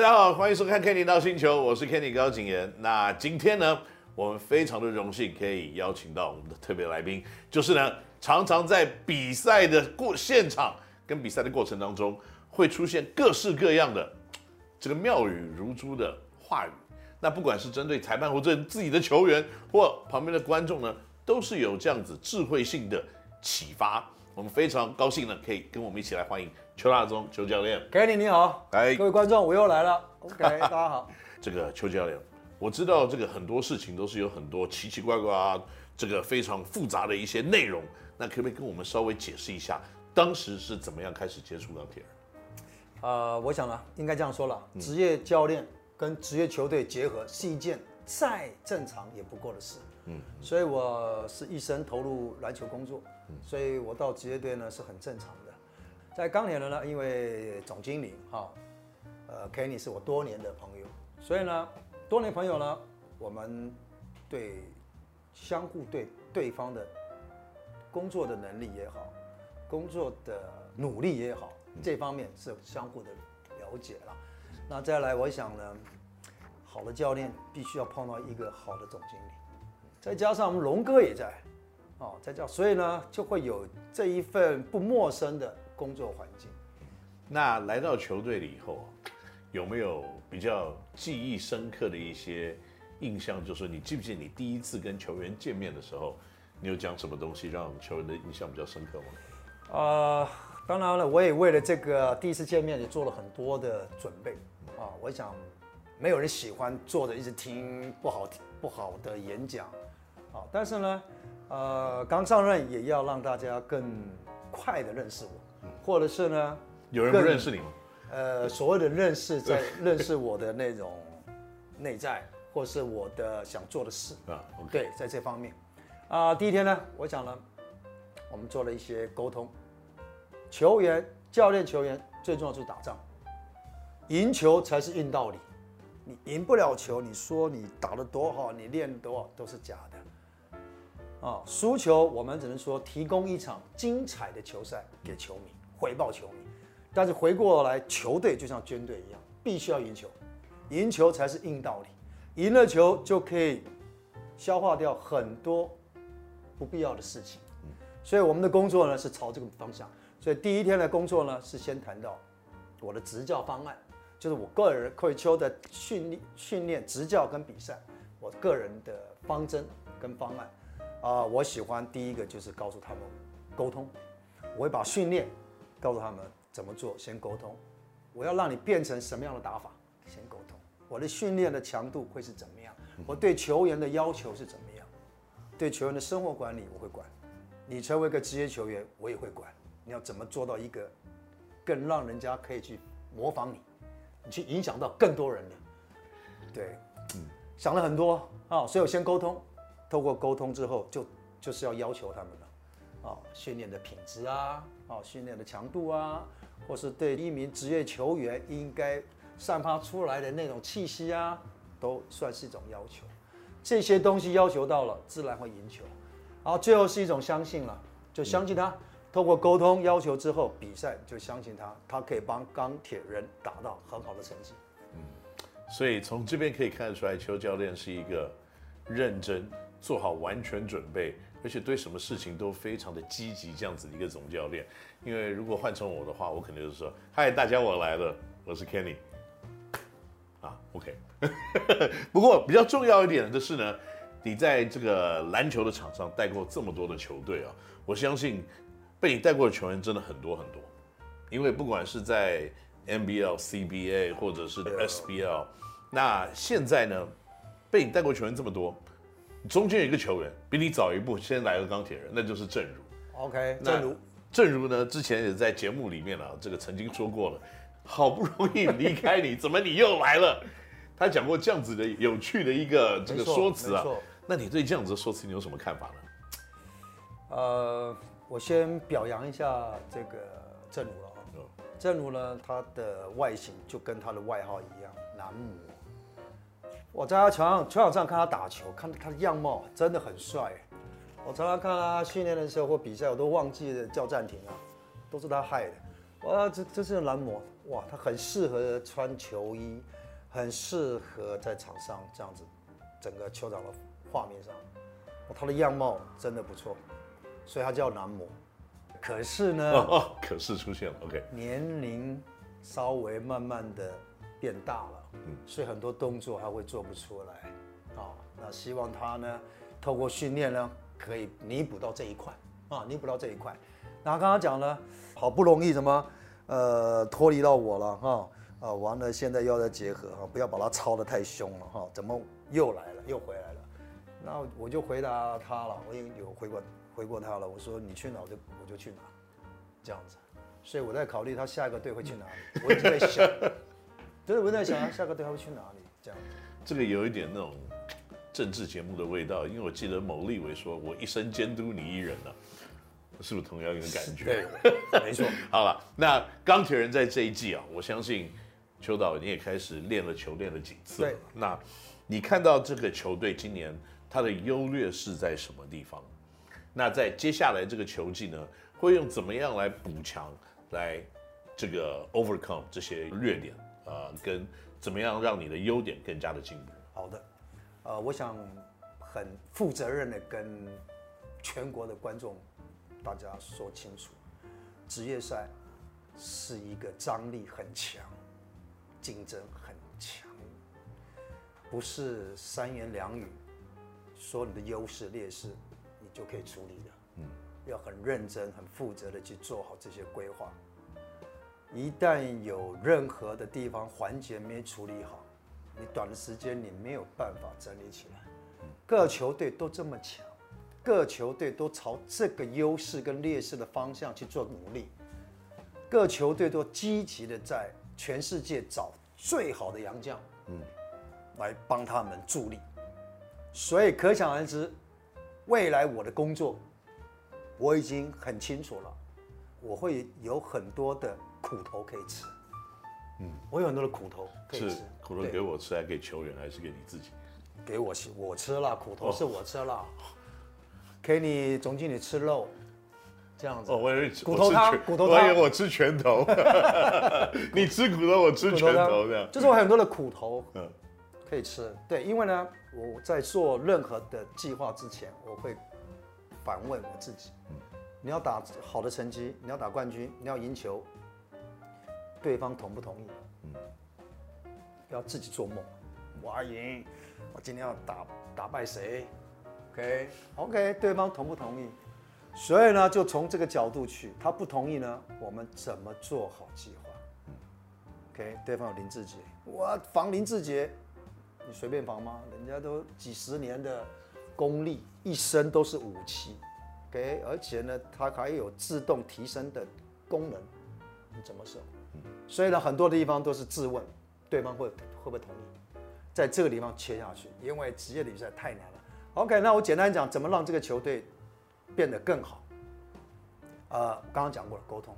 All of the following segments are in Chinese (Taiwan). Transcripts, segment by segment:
大家好，歡迎收看《Kenny NOW 星球》，我是 Kenny 高景炎。那今天呢，我們非常的榮幸可以邀請到我們的特別的來賓，就是呢，常常在比賽的過現場跟比賽的過程當中，會出現各式各樣的這個妙語如珠的話語。那不管是針對裁判，或者自己的球員，或旁邊的觀眾呢，都是有這樣子智慧性的啟發。我們非常高興呢，可以跟我們一起來歡迎。邱大宗邱教練，肯尼，你好，哎 Hi，各位觀眾，我又來了，OK， 大家好。這個邱教練，我知道這個很多事情都是有很多奇奇怪怪啊，這個非常複雜的一些內容，那可不可以跟我們稍微解釋一下，當時是怎麼樣開始接觸鋼鐵人？啊，我想呢，應該這樣說了，職業教練跟職業球隊結合是一件再正常也不過的事，嗯，所以我是一生投入籃球工作，所以我到職業隊呢是很正常的。在剛年呢，因為總經理哈、哦，呃，Kenny 是我多年的朋友，所以呢，多年朋友呢，我們對相互對對方的工作的能力也好，工作的努力也好，這方面是相互的了解了。那再來，我想呢，好的教練必須要碰到一個好的總經理，再加上我們龍哥也在哦，在教，所以呢，就會有這一份不陌生的工作環境，那來到球隊裡以後，有沒有比較記憶深刻的一些印象？就是你記不記得你第一次跟球員見面的時候，你有講什麼東西讓球員的印象比較深刻嗎？呃，當然了，我也為了這個第一次見面也做了很多的準備啊。我想沒有人喜歡坐着一直聽不好聽不好的演講，啊，但是呢，呃，剛上任也要讓大家更快的認識我。或者是呢，有人不認識你嗎？呃，所謂的認識，在認識我的那種內在，或是我的想做的事啊。對，在這方面，啊，第一天呢，我想呢，我們做了一些溝通。球員、教練、球員最重要就是打仗，贏球才是硬道理。你贏不了球，你說你打得多好，你練多好，都是假的。啊，輸球，我們只能說提供一場精彩的球賽給球迷。回報球迷，但是回過來，球隊就像軍隊一樣，必須要贏球，贏球才是硬道理。贏了球就可以消化掉很多不必要的事情。所以我們的工作呢，是朝這個方向。所以第一天的工作呢，是先談到我的執教方案，就是我個人扣取邱的訓練、訓練、執教跟比賽，我個人的方針跟方案。啊、呃，我喜歡第一個就是告訴他們溝通，我會把訓練。告訴他們怎麼做，先溝通。我要讓你變成什麼樣的打法，先溝通。我的訓練的強度會是怎麼樣？我對球員的要求是怎麼樣？對球員的生活管理我會管。你成為一個職業球員，我也會管。你要怎麼做到一個更讓人家可以去模仿你，你去影響到更多人的。對，想了很多啊，哦，所以我先溝通。透過溝通之後，就就是要要求他們了。啊，訓練的品質啊。哦，訓練的強度啊，或是對一名職業球員應該散發出來的那種氣息啊，都算是一種要求。這些東西要求到了，自然會贏球。然後最後是一種相信了，就相信他。通、嗯、過溝通要求之後，比賽就相信他，他可以幫鋼鐵人打到很好的成績。嗯，所以從這邊可以看出來，邱教練是一個認真。做好完全準備，而且對什麼事情都非常的積極，這樣子的一個總教練。因為如果換成我的話，我肯定就是說：“嗨，大家我來了，我是 Kenny。Ah, ”啊，OK。 不過比較重要一點的是呢，你在這個籃球的場上帶過這麼多的球隊啊，我相信被你帶過的球員真的很多很多。因為不管是在 NBL、CBA 或者是 SBL，Yeah. 那現在呢，被你帶過球員這麼多。中間有一個球員比你早一步先來個鋼鐵人，那就是正如。OK，那正如。正如呢，之前也在節目裡面啊，這個曾經說過了，好不容易離開你， 怎麼你又來了？他講過這樣子的有趣的一個這個說辭啊。沒錯，沒錯。那你對這樣子的說辭，你有什麼看法呢？呃，我先表揚一下這個正如了哦。嗯。正如呢，他的外形就跟他的外號一樣，男模。我在他球場球場上看他打球，看他的樣貌真的很帥。我常常看他訓練的時候或比賽，我都忘記叫暫停了，都是他害的。哇，這這是男模哇，他很適合穿球衣，很適合在場上這樣子，整個球場的畫面上哇，他的樣貌真的不錯，所以他叫男模。可是呢，哦哦可是出現了，OK，年齡稍微慢慢的，變大了，所以很多動作他會做不出來，啊，那希望他呢，透過訓練呢，可以彌補到這一塊，啊，彌補到這一塊。然後剛剛講了，好不容易怎麼，呃，脫離到我了，哈，啊,啊，完了現在又要再結合，哈，不要把他操得太凶了，哈，怎麼又來了，又回來了？那我就回答他了，我也有回過回過他了，我說你去哪我就我就去哪，這樣子。所以我在考慮他下一個隊會去哪裡，我一直在想。 所以我在想下個隊還會去哪裡？這樣，這個有一點那種政治節目的味道，因為我記得某立委說：“我一生監督你一人呢、啊，是不是同樣一種感覺？”對，沒錯。 好了，那鋼鐵人在這一季啊，我相信邱導你也開始練了球，練了幾次了。對。那你看到這個球隊今年它的優劣勢在什麼地方？那在接下來這個球季呢，會用怎麼樣來補強，來這個 overcome 這些弱點？呃，跟怎麼樣讓你的優點更加的進步？好的，呃，我想很負責任的跟全國的觀眾大家說清楚，職業賽是一個張力很強、競爭很強，不是三言兩語說你的優勢劣勢你就可以處理的。嗯，要很認真、很負責的去做好這些規劃。一旦有任何的地方環節沒處理好，你短的時間你沒有辦法整理起來。各球隊都這麼強，各球隊都朝這個優勢跟劣勢的方向去做努力，各球隊都積極的在全世界找最好的洋將，嗯，來幫他們助力。所以可想而知，未來我的工作我已經很清楚了，我會有很多的。苦頭可以吃，嗯，我有很多的苦頭可以吃。苦頭給我吃，還是給球員，還是給你自己？給我吃，我吃了苦頭，是我吃了。給你總經理吃肉，這樣子。哦，我也吃骨頭湯，骨頭湯。我吃我吃拳頭，你吃骨頭，我吃拳頭，這樣。就是我很多的苦頭，可以吃。對，因為呢，我在做任何的計劃之前，我會反問我自己，嗯，你要打好的成績，你要打冠軍，你要贏球。對方同不同意？嗯、要自己做夢。我阿瑩，我今天要打打敗誰？OK，OK，、okay? okay, 對方同不同意？嗯、所以呢，就從這個角度去。他不同意呢，我們怎麼做好計劃？o、okay, k 對方有林志杰，我防林志杰，你隨便防嗎？人家都幾十年的功力，一身都是武器。OK，而且呢，他還有自動提升的功能，嗯、你怎麼守？所以呢，很多的地方都是質問對方會會不會同意，在這個地方切下去，因為職業比賽太難了。OK，那我簡單講怎麼讓這個球隊變得更好。呃，我剛剛講過了溝通，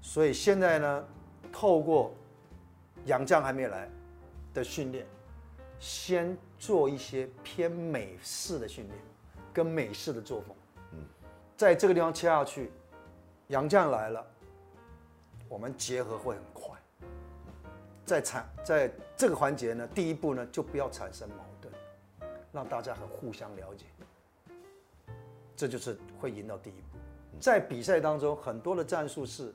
所以現在呢，透過洋將還沒來的訓練，先做一些偏美式的訓練，跟美式的作風。嗯，在這個地方切下去，洋將來了。我們結合會很快，在產在這個環節呢，第一步呢就不要產生矛盾，讓大家很互相了解，這就是會贏到第一步。在比賽當中，很多的戰術是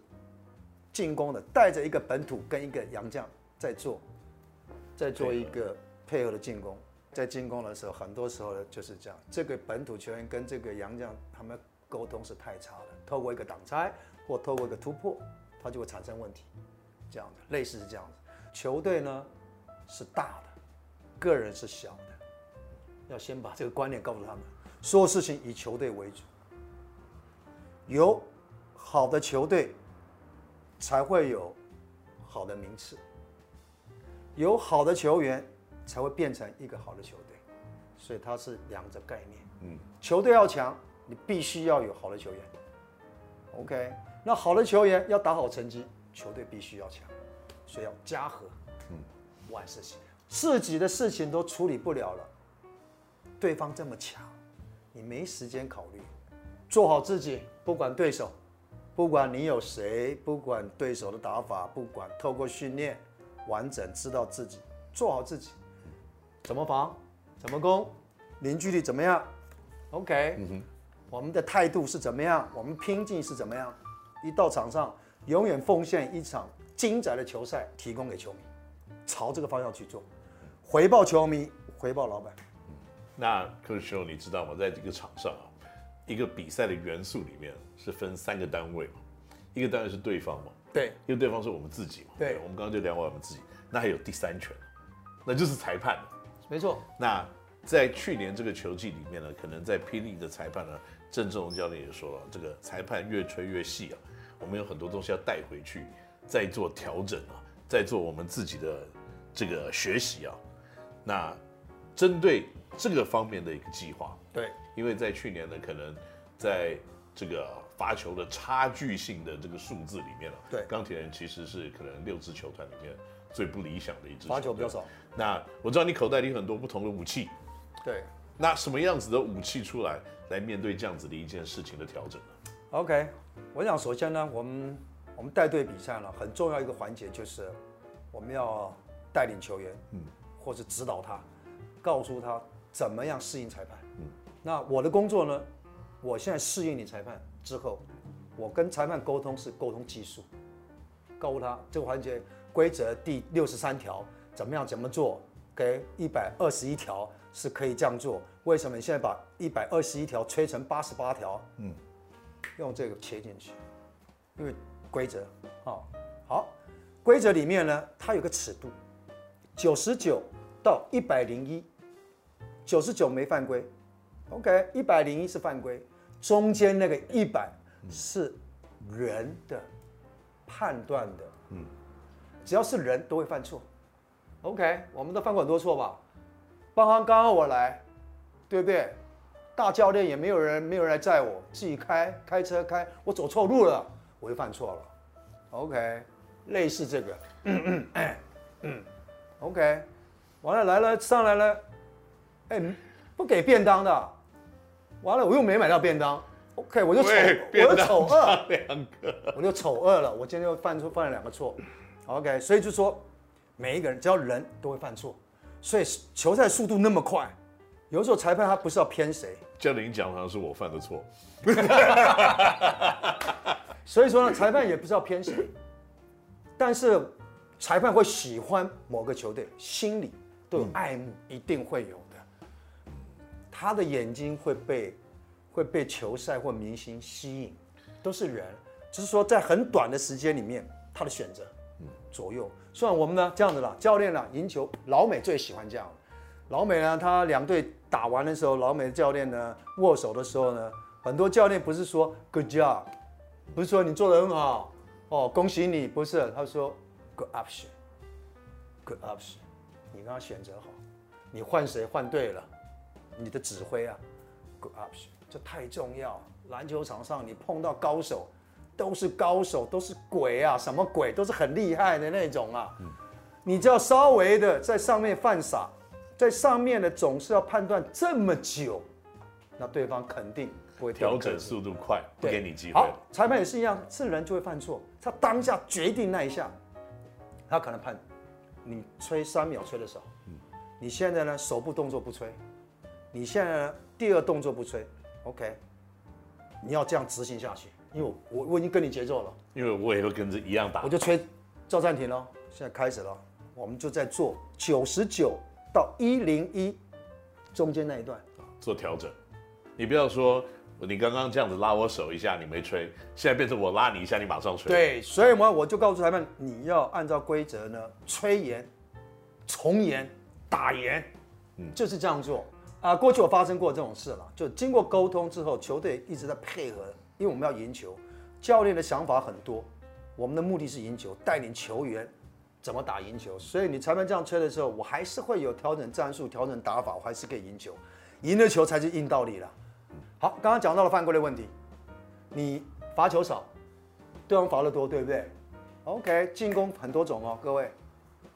進攻的，帶着一個本土跟一個洋將在做，在做一個配合的進攻。在進攻的時候，很多時候呢就是這樣，這個本土球員跟這個洋將他們溝通是太差了，透過一個擋拆或透過一個突破，他就會產生問題，這樣的類似是這樣子。球隊呢是大的，個人是小的，要先把這個觀念告訴他們，說事情以球隊為主，有好的球隊才會有好的名次，有好的球員才會變成一個好的球隊，所以它是兩個概念。嗯，球隊要強，你必須要有好的球員。OK。那好的球員要打好成績，球隊必須要強，所以要家和，嗯，萬事興。自己的事情都處理不了了，對方這麼強，你沒時間考慮，做好自己，不管對手，不管你有誰，不管對手的打法，不管透過訓練完整知道自己，做好自己，怎麼防，怎麼攻，凝聚力怎麼樣？OK，嗯哼，我們的態度是怎麼樣？我們拼勁是怎麼樣？一到場上，永遠奉獻一場精彩的球賽，提供給球迷。朝這個方向去做，回報球迷，回報老板。那扣取邱，你知道嗎？在這個場上啊，一個比賽的元素裡面是分三個單位，一個單位是對方嘛？對，因為對方是我們自己嘛？對，對，我們剛剛就聊完我們自己，那還有第三權，那就是裁判。沒錯。那在去年這個球季裡面呢，可能在霹靂的裁判呢？鄭志龍教練也說了，這個裁判越吹越細啊，我們有很多東西要帶回去，再做調整啊，再做我們自己的這個學習啊。那針對這個方面的一個計劃，對，因為在去年呢，可能在這個罰球的差距性的這個數字裡面了，啊，對，鋼鐵人其實是可能六支球團裡面最不理想的一支。罰球比較少。那我知道你口袋裡很多不同的武器。對。那什麼樣子的武器出來來面對這樣子的一件事情的調整呢？OK，我想首先呢，我們我們帶隊比賽呢，很重要一個環節就是我們要帶領球員，嗯，或者指導他，告訴他怎麼樣適應裁判。嗯，那我的工作呢，我現在適應你裁判之後，我跟裁判溝通是溝通技術，告訴他這個環節規則第六十三條怎麼樣怎麼做，給一百二十一條。是可以這樣做，為什麼你現在把一百二十一條吹成八十八條？嗯，用這個切進去，因為規則，好，好，規則裡面呢，它有個尺度，九十九到一百零一，九十九沒犯規，OK，一百零一是犯規，中間那個一百是人的判斷的，嗯，只要是人都會犯錯，OK，我們都犯過很多錯吧。剛剛剛剛我來，對不對？大教練也沒有人，沒有人來載我，自己開開車開，我走錯路了，我又犯錯了。OK，類似這個。 嗯嗯嗯，OK，完了來了上來了，哎、欸，不給便當的，完了我又沒買到便當。OK，我就醜，我就醜惡，兩個我就醜惡了。我今天又犯錯，犯了兩個錯。OK，所以就說每一個人，只要人都會犯錯。所以球賽速度那麼快，有時候裁判他不知道偏誰。教練你講好像是我犯的錯， 所以說呢，裁判也不知道偏誰。 但是裁判會喜歡某個球隊，心裡都有愛慕，嗯、一定會有的。他的眼睛會被會被球賽或明星吸引，都是人，只、就是說在很短的時間裡面，他的選擇左右。嗯算我們呢，這樣子啦。教練啦、啊，贏球，老美最喜歡這樣。老美呢，他兩隊打完的時候，老美教練呢，握手的時候呢，很多教練不是說 good job，不是說你做得很好，哦，恭喜你，不是，他說 good option，good option，你剛剛選擇好，你換誰換對了，你的指揮啊，good option，這太重要。籃球場上你碰到高手。都是高手，都是鬼啊！什麼鬼？都是很厲害的那種啊！嗯、你只要稍微的在上面犯傻，在上面呢總是要判斷這麼久，那對方肯定不會調整速度快，對不給你機會。好，裁判也是一樣，自然就會犯錯。他當下決定那一下，他可能判你吹三秒吹的時候、嗯、你現在呢，手部動作不吹，你現在呢，第二動作不吹，OK，你要這樣執行下去。因為我我已經跟你節奏了，因為我也會跟着一樣打。我就吹趙，叫暫停了，現在開始了，我們就在做九十九到一零一中間那一段做調整。你不要說你剛剛這樣子拉我手一下，你沒吹，現在變成我拉你一下，你馬上吹。對，所以嘛，我就告訴裁判，你要按照規則呢，吹嚴、重嚴、打嚴，嗯，就是這樣做啊。過去我發生過這種事了，就經過溝通之後，球隊一直在配合。因為我們要贏球，教練的想法很多，我們的目的是贏球，帶領球員怎麼打贏球。所以你裁判這樣吹的時候，我還是會有調整戰術、調整打法，我還是可以贏球。贏了球才是硬道理啦。好，剛剛講到了犯規的問題，你罰球少，對方罰得多，對不對？OK，進攻很多種哦，各位，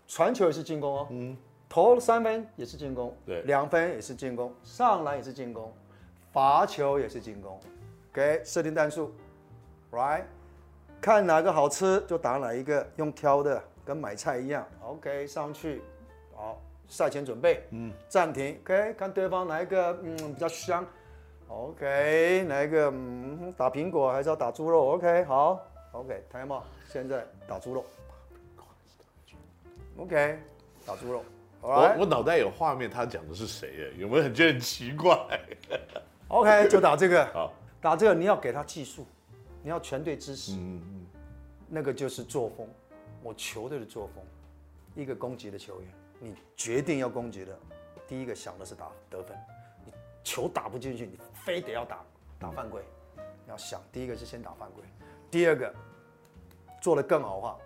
傳球也是進攻哦，嗯，投三分也是進攻，對，兩分也是進攻，上籃也是進攻，罰球也是進攻。給設、okay, 定彈數，Right，看哪個好吃就打哪一個，用挑的跟買菜一樣。OK，上去，好，賽前準備，嗯，暫停。OK，看對方哪一個，嗯，比較香。OK，哪一個，嗯，打蘋果還是要打豬肉？OK，好。OK，Time、okay, out, 現在打豬肉。OK，打豬肉。Right. 我我腦袋有畫面，他講的是誰？有沒有很覺得很奇怪？OK，就打這個。 好。打這個你要給他技術，你要全隊支持，嗯嗯嗯那個就是作風，我球隊的作風。一個攻擊的球員，你決定要攻擊的，第一個想的是打得分。你球打不進去，你非得要打打犯規，你要想第一個是先打犯規，第二個做的更好的話，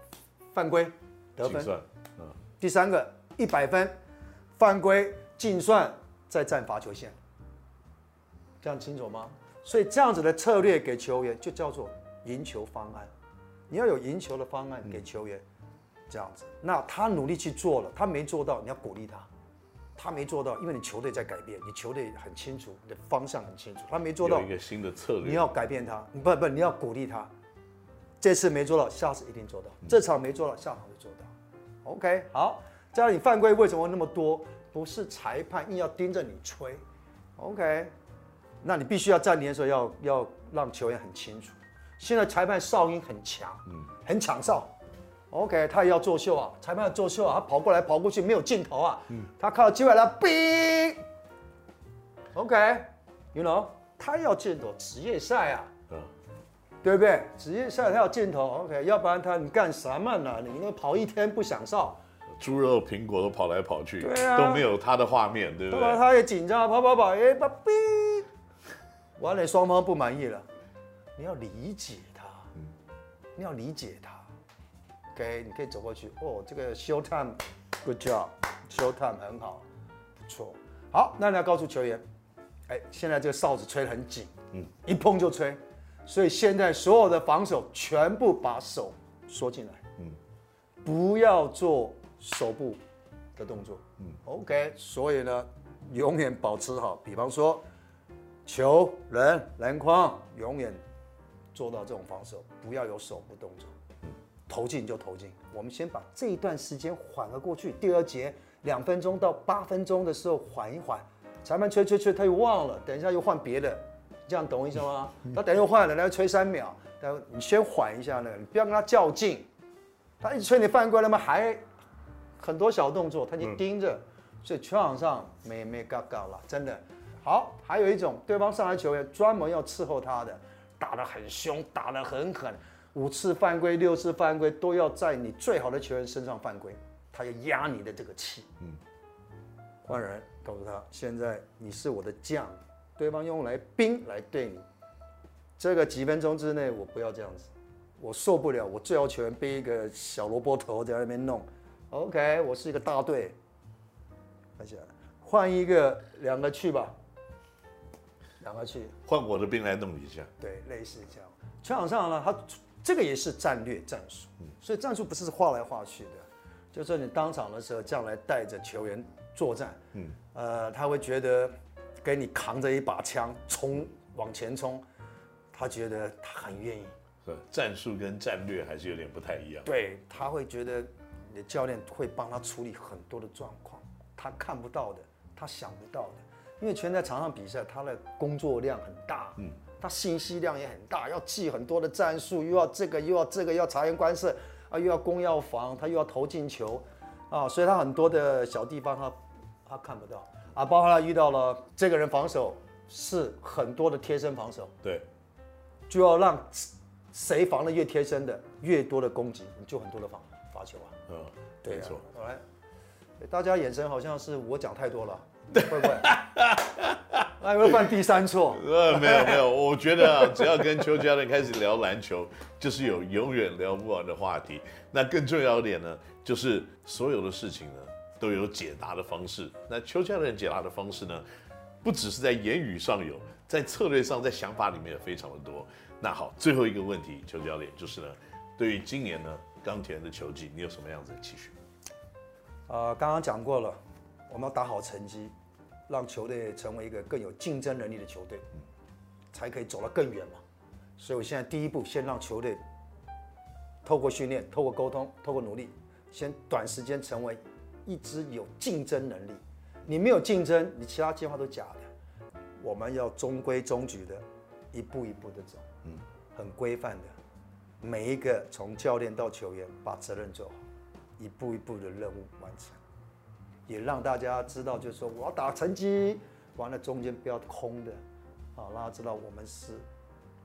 犯規得分，進算，嗯，第三個一百分，犯規進算再站罰球線，這樣清楚嗎？所以這樣子的策略給球員就叫做贏球方案，你要有贏球的方案給球員，嗯、這樣子。那他努力去做了，他沒做到，你要鼓勵他。他沒做到，因為你球隊在改變，你球隊很清楚，你的方向很清楚。他沒做到，有一個新的策略。你要改變他，不不，不，你要鼓勵他。這次沒做到，下次一定做到。這場沒做到，下場會做到。OK，好。這樣你犯規為什麼那麼多？不是裁判硬要盯着你吹。OK。那你必須要暫停的時候要要讓球員很清楚。現在裁判哨音很強，嗯，很搶哨，OK，他也要作秀啊，裁判要作秀啊，他跑過來跑過去沒有鏡頭啊，嗯，他靠機會來逼，OK，you know，他要鏡頭職業賽啊，嗯，對不對？職業賽他要鏡頭，OK，要不然他你幹什麼呢？你那個跑一天不享受。豬肉蘋果都跑來跑去，對啊，都沒有他的畫面，對不對？對他也緊張，跑跑跑，哎、欸，把逼。完了，雙方不滿意了，你要理解他，你要理解他，OK，你可以走過去，哦，這個 show time，good job，show time 很好，不錯，好，那你要告訴球員，哎，現在這個哨子吹得很緊，嗯，一碰就吹，所以現在所有的防守全部把手縮進來，不要做手部的動作，OK，所以呢，永遠保持好，比方說。球人籃筐永遠做到這種防守，不要有手部動作。投進就投進。我們先把這一段時間緩了過去。第二節兩分鐘到八分鐘的時候緩緩，緩一緩。裁判吹吹吹，他又忘了。等一下又換別的，這樣懂我意思嗎？他等下又換了然後吹三秒。等你先緩一下呢，你不要跟他較勁。他一直吹你犯規了嗎？還很多小動作，他就盯着。嗯、所以全場上沒沒嘎嘎了，真的。好，還有一種，對方上來球員專門要伺候他的，打得很凶，打得很狠，五次犯規、六次犯規都要在你最好的球員身上犯規，他要壓你的這個氣。嗯，換人，嗯，告訴他，現在你是我的將，對方用來兵來對你，這個幾分鐘之內我不要這樣子，我受不了，我最好球員被一個小蘿蔔頭在那邊弄。OK，我是一個大隊，來一下，換一個兩個去吧。趕快去換我的兵來弄一下，對，類似這樣。球場上呢，他這個也是戰略戰術，嗯，所以戰術不是畫來畫去的，就是你當場的時候將來帶着球員作戰，嗯，呃，他會覺得給你扛着一把槍衝往前衝，他覺得他很願意。戰術跟戰略還是有點不太一樣？對，他會覺得你的教練會幫他處理很多的狀況，他看不到的，他想不到的。因為全在場上比賽，他的工作量很大，嗯，他信息量也很大，要記很多的戰術，又要這個又要這個，要察言觀色，啊，又要攻要防，他又要投進球，啊，所以他很多的小地方他他看不到啊，包括他遇到了這個人防守是很多的貼身防守，對，就要讓誰防的越貼身的越多的攻擊，你就很多的防罰球啊，嗯，對、啊，沒錯錯，來，大家眼神好像是我講太多了。會不會？那會犯第三錯？呃，沒有沒有，我覺得啊，只要跟邱教練開始聊籃球，就是有永遠聊不完的話題。那更重要一點呢，就是所有的事情呢，都有解答的方式。那邱教練解答的方式呢，不只是在言語上有，在策略上，在想法裡面也非常的多。那好，最後一個問題，邱教練就是呢，對於今年呢，鋼鐵人的球季，你有什麼樣子的期許？啊、呃，剛剛講過了。我們要打好成績，讓球隊成為一個更有競爭能力的球隊，才可以走得更遠嘛。所以，我現在第一步先讓球隊透過訓練、透過溝通、透過努力，先短時間成為一支有競爭能力。你沒有競爭，你其他計劃都假的。我們要中規中矩的，一步一步的走，嗯，很規範的，每一個從教練到球員把責任做好，一步一步的任務完成。也讓大家知道，就是說我要打成績，完了中間不要空的，啊，讓大家知道我們是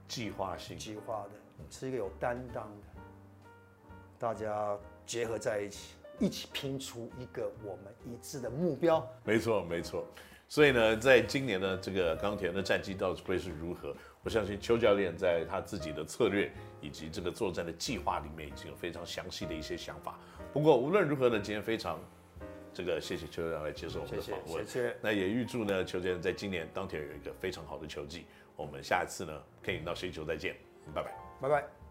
計劃性、計劃的，是一個有擔當的，大家結合在一起，一起拼出一個我們一致的目標。沒錯，沒錯。所以呢，在今年呢，這個鋼鐵的戰績到底會是如何？我相信邱教練在他自己的策略以及這個作戰的計劃裡面，已經有非常詳細的一些想法。不過無論如何呢，今天非常。這個謝謝邱教練來接受我們的訪問，謝謝，謝，那也預祝呢，邱教練在今年當天有一個非常好的球季。我們下一次呢，可以到星球再見，拜拜，拜拜。